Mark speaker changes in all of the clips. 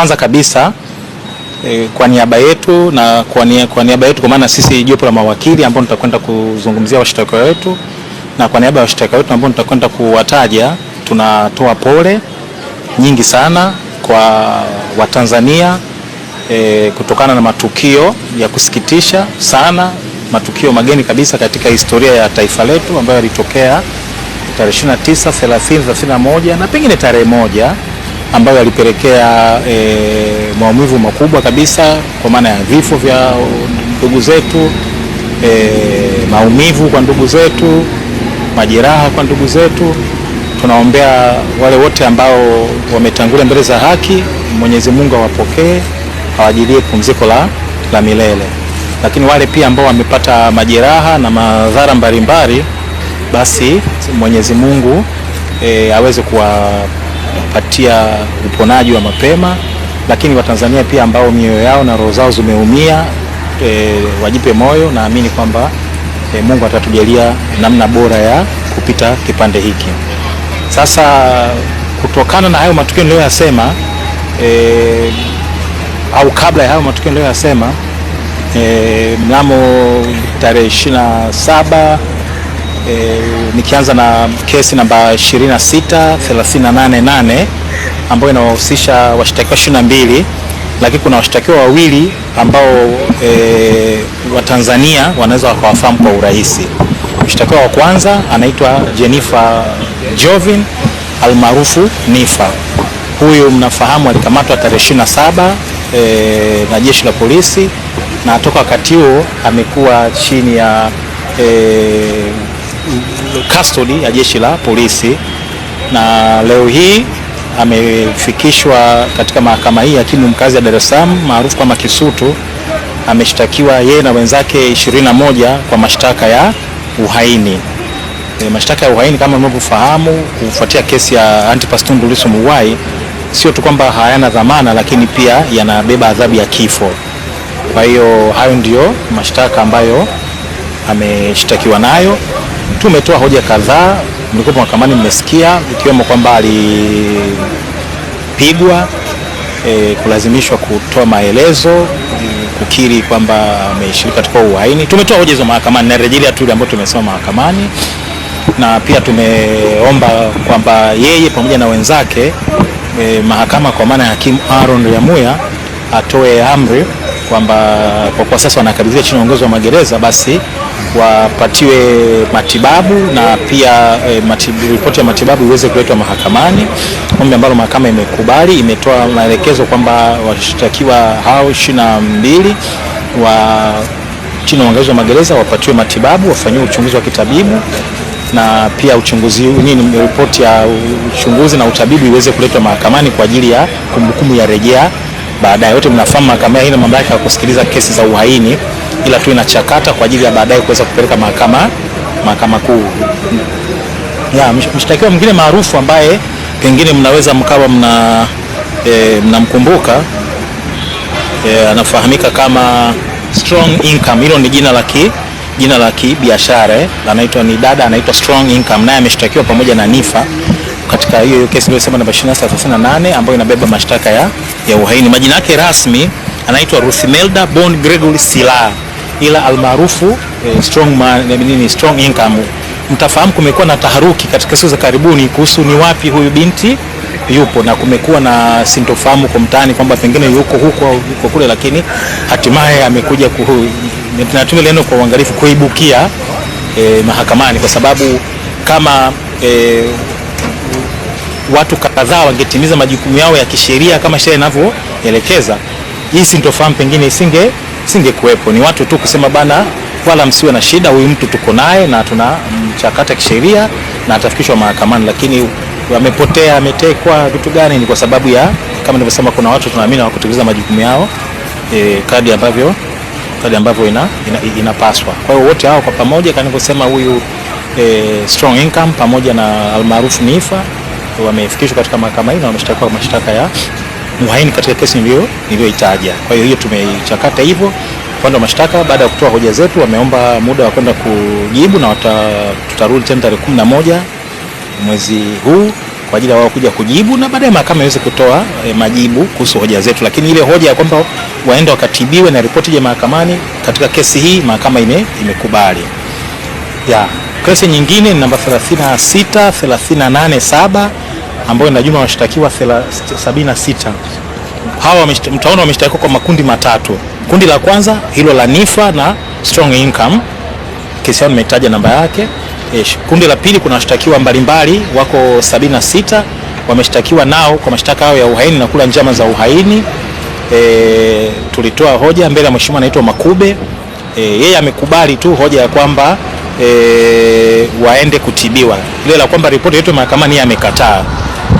Speaker 1: kwanza kabisa e, kwa niaba yetu na kwa niaba, kwa niaba yetu kwa maana sisi jopo la mawakili ambao tutakwenda kuzungumzia washtaka wetu na kwa niaba ya washtaka wetu ambao tutakwenda kuwataja, tunatoa pole nyingi sana kwa Watanzania e, kutokana na matukio ya kusikitisha sana, matukio mageni kabisa katika historia ya taifa letu ambayo yalitokea tarehe 29, 30, 31 na pengine tarehe moja ambayo yalipelekea e, maumivu makubwa kabisa kwa maana ya vifo vya ndugu zetu e, maumivu kwa ndugu zetu, majeraha kwa ndugu zetu. Tunaombea wale wote ambao wametangulia mbele za haki, Mwenyezi Mungu awapokee, awajilie pumziko la, la milele. Lakini wale pia ambao wamepata majeraha na madhara mbalimbali, basi Mwenyezi Mungu e, aweze kuwa kupatia uponaji wa mapema, lakini Watanzania pia ambao mioyo yao na roho zao zimeumia e, wajipe moyo. Naamini kwamba e, Mungu atatujalia namna bora ya kupita kipande hiki. Sasa kutokana na hayo matukio niliyoyasema, e, au kabla ya hayo matukio niliyoyasema, e, mnamo tarehe 27 E, nikianza na kesi namba 26388 ambayo inawahusisha washtakiwa 22 lakini kuna washtakiwa wawili ambao e, eh, Watanzania wanaweza wakawafahamu kwa urahisi. Mshtakiwa wa kwanza anaitwa Jennifer Jovin almaarufu Nifa. Huyu mnafahamu alikamatwa tarehe 27 e, eh, na jeshi la polisi na toka wakati huo amekuwa chini ya e, kastodi ya jeshi la polisi na leo hii amefikishwa katika mahakama hii ya hakimu mkazi ya Dar es Salaam maarufu kama Kisutu. Ameshtakiwa yeye na wenzake 21 kwa mashtaka ya uhaini. E, mashtaka ya uhaini kama mnavyofahamu, kufuatia kesi ya Antipas Tundu Lissu Mughwai, sio tu kwamba hayana dhamana, lakini pia yanabeba adhabu ya kifo. Kwa hiyo hayo ndiyo mashtaka ambayo ameshtakiwa nayo. Tumetoa hoja kadhaa, mlikuwa mahakamani mmesikia, ikiwemo kwamba alipigwa e, kulazimishwa kutoa maelezo, kukiri kwamba ameshirika katika uhaini. Tumetoa hoja hizo mahakamani na tu ile ambayo tumesema mahakamani, na pia tumeomba kwamba yeye pamoja na wenzake e, mahakama kwa maana ya hakimu Aaron Lyamuya atoe amri kwamba kwa kuwa sasa wanakabidhiwa chini ya uongozi wa magereza, basi wapatiwe matibabu na pia e, matibu, ripoti ya matibabu iweze kuletwa mahakamani, ombi ambalo mahakama imekubali. Imetoa maelekezo kwamba washtakiwa hao ishirini na mbili wa chini ya uangalizi wa magereza wapatiwe matibabu, wafanyiwe uchunguzi wa kitabibu na pia uchunguzi nini, ripoti ya uchunguzi na utabibu iweze kuletwa mahakamani kwa ajili ya kumbukumbu ya rejea baadaye. Wote mnafahamu mahakama hii mamlaka ya kusikiliza kesi za uhaini, ila tu inachakata kwa ajili ya baadaye kuweza kupeleka mahakama mahakama kuu. Ya mshtakiwa mwingine maarufu ambaye pengine mnaweza mkawa mna e, mnamkumbuka e, anafahamika kama Strong Income. Hilo ni jina la ki jina la kibiashara, eh, anaitwa ni dada anaitwa Strong Income, naye ameshtakiwa pamoja na Nifa katika hiyo hiyo kesi iliyosema namba 2938 ambayo inabeba mashtaka ya, ya uhaini. Majina yake rasmi anaitwa Rusimelda Bond Gregory Sila ila almaarufu eh, strong man, nini, strong income. Mtafahamu kumekuwa na taharuki katika siku za karibuni kuhusu ni wapi huyu binti yupo na kumekuwa na sintofahamu kwa mtaani kwamba pengine yuko huko au yuko kule, lakini hatimaye amekuja kuhu, tunatumia neno kwa uangalifu kuibukia eh, mahakamani kwa sababu kama eh, watu kadhaa wangetimiza majukumu yao ya kisheria kama sheria inavyoelekeza, hii sintofahamu pengine isinge singekuwepo. Ni watu tu kusema bana, wala msiwe na shida, huyu mtu tuko naye na mchakata kisheria na atafikishwa mahakamani, lakini wamepotea, ametekwa, vitu gani? Ni kwa sababu ya kama nilivyosema, kuna watu tunaamini hawakutekeleza majukumu yao e, kadi ambavyo kadi ambavyo inapaswa ina, ina kwa hiyo wote hao kwa pamoja kanivyosema huyu e, strong income pamoja na almaarufu NIFA wamefikishwa katika mahakama hii na wameshtakiwa mashtaka ya uhaini katika kesi niliyoitaja. Kwa hiyo hiyo tumeichakata hivyo. Upande wa mashtaka baada ya kutoa hoja zetu wameomba muda wa kwenda kujibu na tutarudi tena tarehe moja mwezi huu kwa ajili ya wao kuja kujibu na baadaye mahakama iweze kutoa e, majibu kuhusu hoja zetu, lakini ile hoja ya kwamba waende wakatibiwe na ripoti ya mahakamani katika kesi hii mahakama ime, imekubali. Ya, kesi nyingine ni namba 36 387 ambayo ina jumla washtakiwa 76. Hawa mtaona wameshtakiwa kwa makundi matatu. Kundi la kwanza hilo la Nifa na Strong Income, kesi yao nimetaja namba yake. Yes. Eh, kundi la pili kuna washtakiwa mbalimbali wako 76 wameshtakiwa nao kwa mashtaka yao ya uhaini na kula njama za uhaini. E, tulitoa hoja mbele ya mheshimiwa anaitwa Makube. E, yeye amekubali tu hoja ya kwamba e, waende kutibiwa. Ile la kwamba ripoti yetu mahakamani yeye amekataa.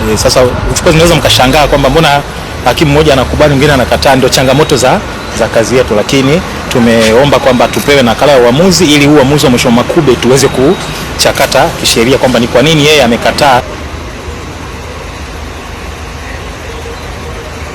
Speaker 1: E, sasa of zinaweza mkashangaa kwamba mbona hakimu mmoja anakubali mwingine anakataa, ndio changamoto za, za kazi yetu, lakini tumeomba kwamba tupewe nakala ya uamuzi ili huu uamuzi wa mwisho Makube tuweze kuchakata kisheria kwamba ni kwa nini yeye amekataa.